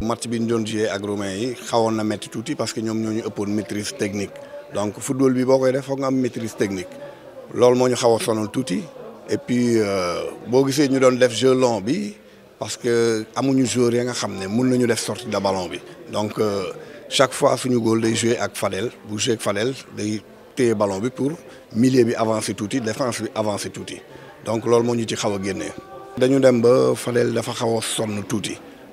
match bi ñu doon joué ak Roumain yi xawoon na metti tuuti parce que ñom ñoo ñu maîtrise technique donc football bi bokoy def nga am maîtrise technique lool moñu ñu xaw a sonal tuuti et puis euh, bo gisee ñu doon def jeu long bi parce que amuñu joueur ya nga xamné mën mun nañu def sortie de ballon bi donc euh, chaque fois suñu góol day jouer ak Fadel bu jouer ak Fadel day téye ballon bi pour milieu bi avancer touti défense bi avancer touti donc lool moñu ci xaw a dañu dem ba Fadel dafa xaw sonn touti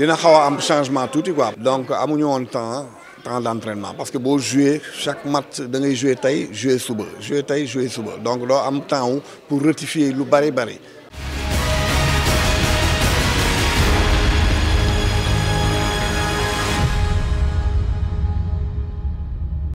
dina xaw a am changement tuuti quoi. donc amuñu woon temps temps d'entraînement. parce que boo jouer chaque match da ngay jouer tey jouer suba jouer tey jouer suba donc doo am temps pour rectifier lu bari bari.